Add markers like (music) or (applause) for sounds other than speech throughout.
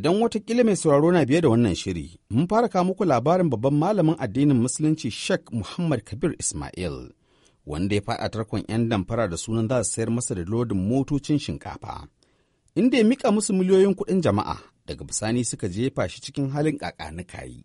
Idan watakila mai sauraro na biye da wannan shiri, mun fara kawo muku labarin babban malamin addinin Musulunci Sheikh Muhammad Kabir Ismail, wanda ya faɗa tarkon 'yan damfara da sunan za su sayar masa da lodin motocin shinkafa. Inda ya mika musu miliyoyin kuɗin jama'a daga bisani suka jefa shi cikin halin kakanikayi.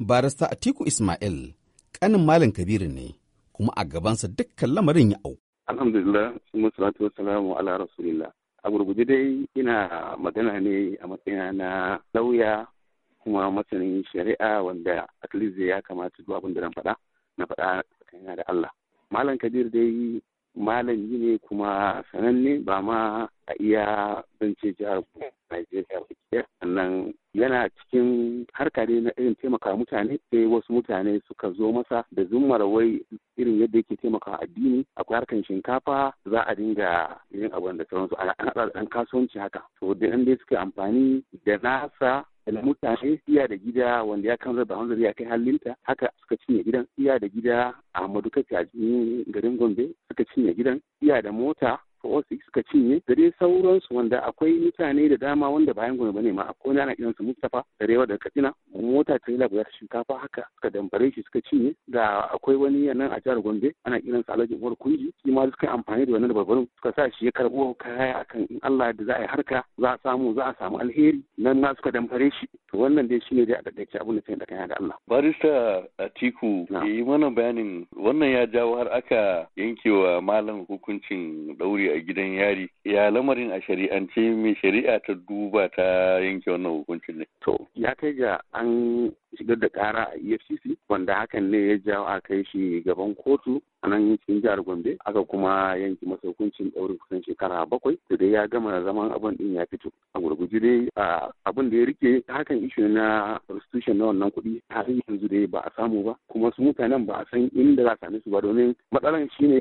Barista Atiku Ismail, kanin Malam Kabiru ne, kuma a gabansa dukkan lamarin ya au. Alhamdulillah, sun salatu wassalamu ala rasulillah. a gurguje dai ina magana ne a matsayina na lauya kuma masanin shari'a wanda at least ya kamata duk abin da na faɗa na faɗa tsakanin da Allah malam Kadir dai malami ne kuma sananne ba ma a iya zance jihar Najeriya ba sannan yana cikin harka ne na irin taimaka mutane sai wasu mutane suka zo masa da zummar wai irin yadda yake taimaka addini akwai harkan shinkafa za a dinga yin abin da sauransu ana da ɗan kasuwanci haka to da dai suka amfani da nasa da mutane siya da gida wanda ya kan raba hanzari ya kai halinta haka suka cinye gidan siya da gida a madukaci a garin gombe suka cinye gidan siya da mota 406 suka cinye da dai sauransu wanda akwai mutane da dama wanda bayan gome bane ma akwai wanda ana su Mustapha da rewa da Katsina mota trailer guda shinkafa haka suka dambare shi suka cinye da akwai wani nan a jihar Gombe ana su Alhaji Umar Kunji shi ma suka amfani da wannan babban suka sa shi ya karbo kaya akan in Allah da za a yi harka za a samu za a samu alheri nan na suka dambare shi to wannan dai shine dai a takaice abin da sai da kana da Allah barista Atiku yi mana bayanin wannan ya jawo har aka yankewa malam hukuncin ɗauri a gidan yari ya lamarin a shari'ance mai shari'a ta duba ta yanke wannan hukuncin ne to ya kai ga an shigar da kara a efcc wanda hakan ne ya jawo a kai shi gaban kotu a nan cikin jihar gombe aka kuma yanki masa hukuncin ɗaurin kusan shekara bakwai da dai ya gama zaman abin din ya fito a gurguje dai abin da ya rike hakan ishe na restitution na wannan kuɗi har yanzu dai ba a samu ba kuma su mutanen ba a san inda za a same su ba domin matsalan shine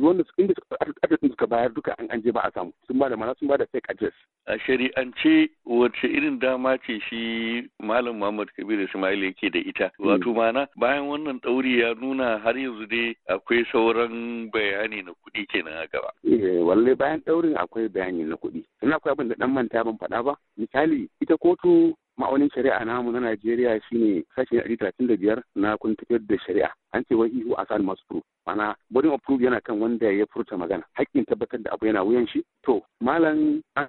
wanda inda adadin suka bayar duka an je ba a samu sun ba da mana sun ba da fake address a shari'ance wacce irin dama ce shi malam Muhammad Kabir Ismail yake da ita hmm. wato mana bayan wannan ɗauri ya nuna har yanzu dai akwai sauran bayani na kuɗi kenan a gaba eh bayan ɗaurin akwai bayani na kuɗi sannan akwai abin da dan manta ban faɗa ba misali ita kotu ma'aunin shari'a namu na Najeriya shine sashi na talatin da biyar na kun da shari'a an ce wani ihu a sani masu furu mana bodin of proof yana kan wanda ya furta magana hakkin tabbatar da abu yana wuyan shi to malam an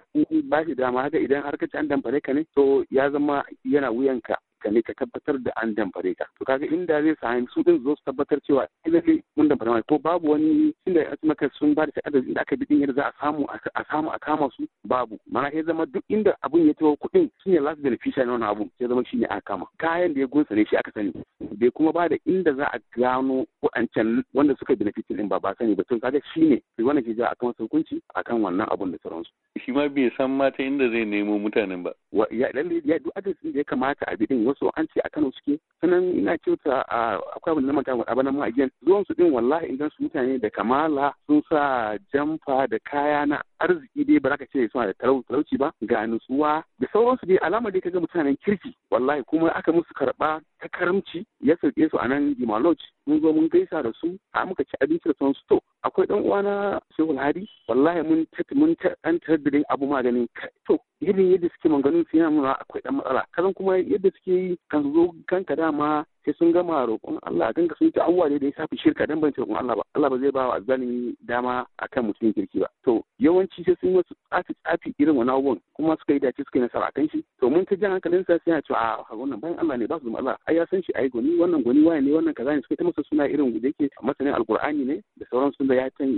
ba shi dama haka idan har ci an damfare ka ne to ya zama yana wuyan ka ka ne ka tabbatar da an damfare ka to kaga inda zai sa su din zo su tabbatar cewa ne mun damfare mai ko babu wani inda ya ka sun ba da takardar inda aka bi din yadda za a samu a samu a kama su babu mana ya zama duk inda abun ya tawo kuɗin shine last beneficiary na wannan abun ya zama shine a kama kayan da ya ne shi aka sani bai kuma ba da inda za a gano waɗancan wanda suka beneficiary din ba ba sani ba to kaga shine wannan ke ja a kama hukunci akan wannan abun da sauransu shi ma bai san mata inda zai nemo mutanen ba ya ya duk adadin da ya kamata a bidin wasu an ce a Kano suke sannan ina kyauta a akwai abin da manta a banan magiyan zuwan su din wallahi idan su mutane da kamala sun sa jamfa da kaya na arziki dai ba za ka ce suna da talauci ba ga nutsuwa da sauransu dai alama dai ga mutanen kirki wallahi kuma aka musu karba ta karamci ya sauke su a nan Gima mun zo mun gaisa da su a muka ci abinci da sauransu to akwai uwa uwana Shehu hari wallahi mun mun an tarbirin abu maganin kai to irin yadda suke maganin su yana nuna akwai ɗan matsala kazan kuma yadda suke yi kan zo kanka dama sai sun gama roƙon Allah kan ka sun ta awwa da ya safi shirka dan ban roƙon Allah ba Allah ba zai ba wa azzalimi dama akan mutum kirki ba to yawanci sai sun wasu tsafi tsafi irin wani abubuwan kuma suka yi dace suka yi nasara kan shi to mun ta jan hankalin sa sai ya ce a wannan bayan Allah ne ba su zama Allah ai ya san shi ai goni wannan goni waye ne wannan kaza ne suka ta masa suna irin da yake masanin alqur'ani ne sauran sun da ya can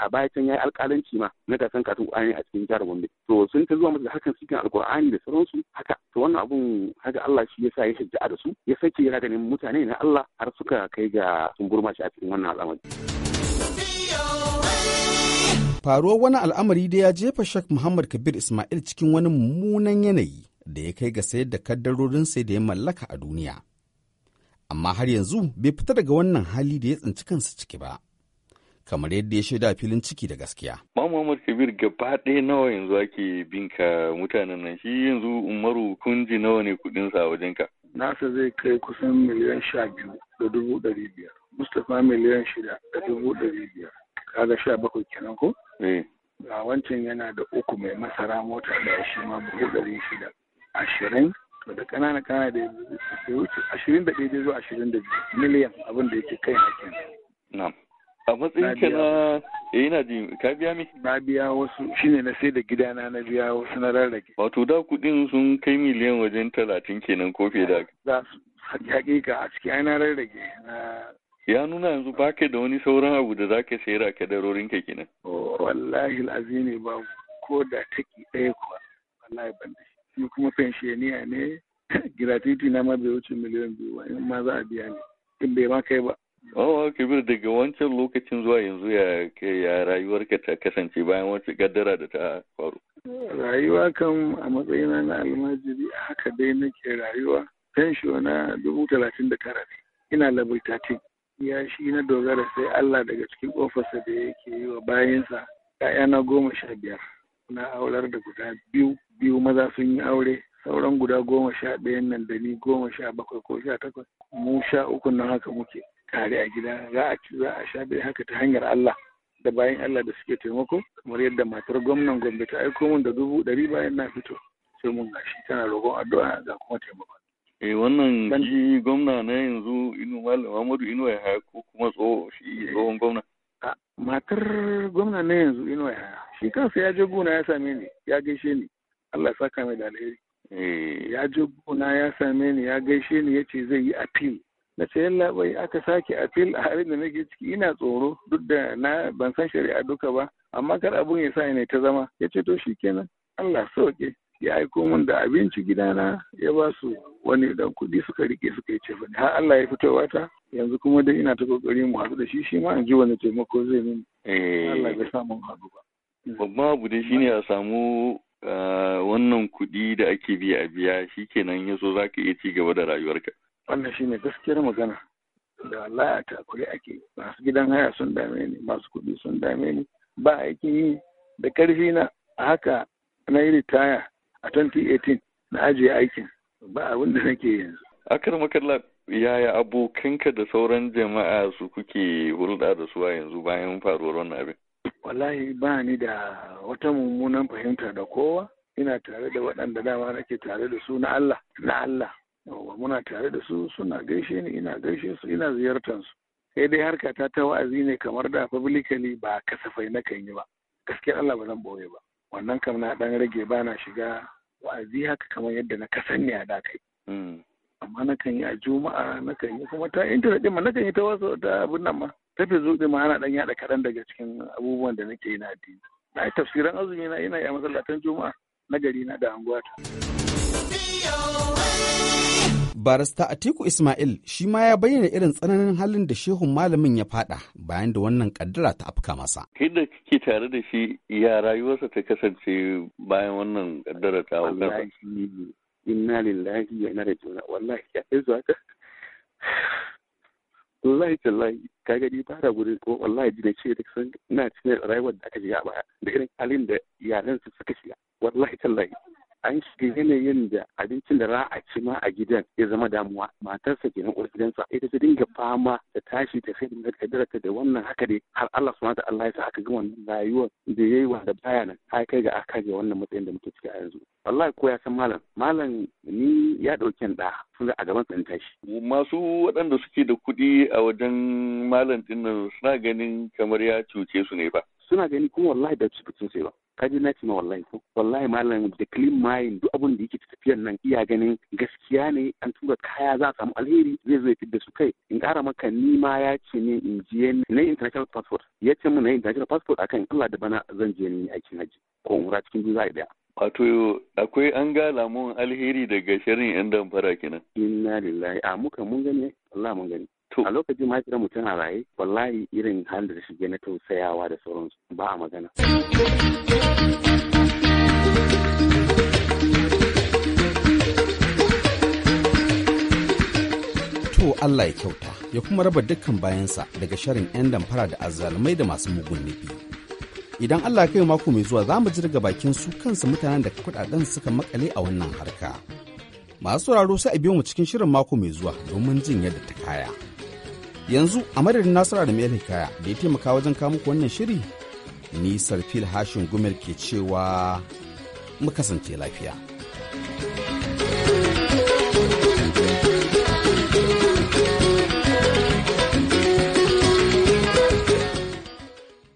a baya can yayi alƙalanci ma na gasan karatun Qur'ani a cikin jihar Gombe to sun ta zuwa musu hakan cikin alƙur'ani da su haka to wannan abun haka Allah shi yasa ya shajja da su ya sake yana ganin mutane na Allah har suka kai ga sun gurma shi a cikin wannan al'amari faruwar wani al'amari da ya jefa Sheikh Muhammad Kabir Ismail cikin wani mummunan yanayi da ya kai ga sayar da kaddarorin sai da ya mallaka a duniya. Amma har yanzu bai fita daga wannan hali da ya tsinci kansa ciki ba. kamar yadda ya shaida filin ciki da gaskiya. Mamu Muhammad Kabir gaba ɗaya nawa yanzu ake binka mutanen nan shi yanzu Umaru kunji nawa ne kuɗinsa wajen ka. Nasa zai kai kusan miliyan sha biyu da dubu ɗari biyar. Mustapha miliyan shida da dubu ɗari biyar. Kaga sha bakwai kenan ko? Eh. Ga wancan yana da uku mai masara mota da shi ma dubu ɗari shida. Ashirin da ƙanana ƙanana da ya wuce ashirin da ɗaya zuwa ashirin da biyu miliyan abin da yake kai na kenan. Na'am. a matsayin ka na eh ina jin ka biya mi na biya wasu shine na sai da gidana na biya wasu na rarrake wato da kudin sun kai miliyan wajen talatin kenan ko fiye da za su hakika a ciki ana rarrake ya nuna yanzu ba ka da wani sauran abu da za ka sayar a kadarorin ka kenan wallahi ne ba ko da take ɗaya kuwa wallahi ban da shi kuma fenshiyaniya ne (laughs) gratuity na ma bai wuce miliyan biyu ba in ma za a biya ne in bai ma kai ba Oh, Kabir daga wancan lokacin zuwa yanzu ya ya rayuwarka ta kasance bayan wacce gaddara da ta faru. Rayuwa kan a matsayina na almajiri a haka dai nake rayuwa. Fensho na dubu talatin da tara ne. Ina level thirteen. Ya shi na dogara sai Allah daga cikin ofisa da yake yi wa bayansa. ‘Ya'yana goma sha biyar. Na aular da guda biyu, biyu maza sun yi aure, sauran guda goma sha ɗayan nan da ni goma sha bakwai ko sha takwas. Mu sha uku nan haka muke. tare a gida za a ci za a sha bai haka ta hanyar Allah da bayan Allah da suke taimako kamar yadda matar gwamnan Gombe ta aiko mun da dubu ɗari bayan na fito sai mun gashi tana roƙon addu'a ga kuma taimako. Eh wannan shi gwamna na yanzu Inu Malam Muhammadu Inu ya ko kuma tsoho shi eh. tsohon gwamna. Matar gwamna na yanzu Inu ya shi kansa ya je gona ya same ni ya gaishe ni Allah ya saka mai da alheri. Eh. Ya je gona ya same ni ya gaishe ni ya ce zai yi appeal na ce labai aka sake a fil a halin da nake ciki ina tsoro duk da na ban san shari'a duka ba amma kar abun ya sa ne ta zama ya ce to kenan Allah sauke ya aiko min da abinci gidana ya ba su wani dan kuɗi suka rike suka yi cefa har Allah ya fito wata yanzu kuma dai ina ta kokari mu haɗu da shi shi ma in ji wani taimako zai min eh. Allah ya mun haɗu ba babban abu dai shine a samu ah, wannan kuɗi da ake biya a biya shikenan yaso zaka iya ci gaba da rayuwarka wannan shi ne gaskiyar magana da Allah a takure ake masu gidan haya sun dame ni masu kuɗi sun dame ni ba aikin yi da karfi na haka na yi ritaya a 2018 na ajiye aikin ba abin da nake yanzu akar makalla yaya abokanka da sauran jama'a su kuke hulɗa da su yanzu bayan faruwar wannan abin wallahi ba ni da wata mummunan fahimta da kowa ina tare da waɗanda dama nake tare da su na Allah na Allah yawa muna tare da su suna gaishe ni ina gaishe su ina ziyartar su sai dai harka ta ta wa'azi ne kamar da publicly ba kasafai na kan yi ba gaskiyar Allah ba zan boye ba wannan kam na dan rage ba na shiga wa'azi haka kamar yadda na kasan ne a da kai mm. amma na kan yi a juma'a na kan yi kuma ta intanet din ma na kan yi ta wasu ta abin nan ma ta fi zuɗi ma ana dan yada kaɗan daga cikin abubuwan da nake yi na addini na yi tafsiran azumi na ina yi a masallatan juma'a na gari na da anguwa ta. barista atiku ismail shi ma ya bayyana irin tsananin halin da shehun malamin ya fada bayan da wannan kaddara ta afka masa inda ke tare da shi ya rayuwarsa ta kasance bayan wannan kaddara ta afka inna lillahi wa inna ilaihi wallahi ya kai zuwa ka wallahi tallahi ka gadi fara gudu ko wallahi ji ne ce da san ina cikin rayuwar da aka a baya da irin halin da yaran su suka shiga wallahi tallahi an shiga yanayin da abincin da za ci ma a gidan ya zama damuwa matarsa kenan uwar gidansa ita ta dinga fama da tashi ta sai da kadarta da wannan haka dai har Allah subhanahu wa ta'ala ya sa aka ga wannan rayuwar da yayi wanda baya nan har kai ga aka ga wannan matsayin da muke ciki a yanzu wallahi ko ya san malam malam ni ya dauke da sun a gaban tsan tashi masu waɗanda suke da kuɗi a wajen malam dinnan suna ganin kamar ya cuce su ne ba suna gani kuma wallahi da su sun sai ba kaji na ma wallahi ko wallahi malam da clean mind duk abin da yake tafiyan nan iya ganin gaskiya ne an tura kaya za a samu alheri zai zo ya fidda su kai in kara maka ni ma ya ce ne in je na international passport ya ce mun na international passport akan Allah da bana zan je ni aikin haji ko umra cikin biyu za daya Wato akwai an ga lamun alheri daga shirin yan damfara kenan. Inna lillahi a muka mun gani Allah mun gani. a lokacin kira mu tana raye wallahi irin halin da shige na tausayawa da sauransu ba a magana to Allah ya kyauta ya kuma raba dukkan bayansa daga shirin 'yan damfara da azzalumai da masu mugun nufi. Idan Allah kai mako mai zuwa za mu jirga bakin su kansu mutanen da kudaden suka makale a wannan harka. Masu sauraro sai a biyo mu cikin shirin mako mai zuwa domin jin yadda ta kaya. yanzu a madadin nasara da mai hikaya da ya taimaka wajen kamu wannan shiri ni sarfil hashin gumel ke cewa mu kasance lafiya.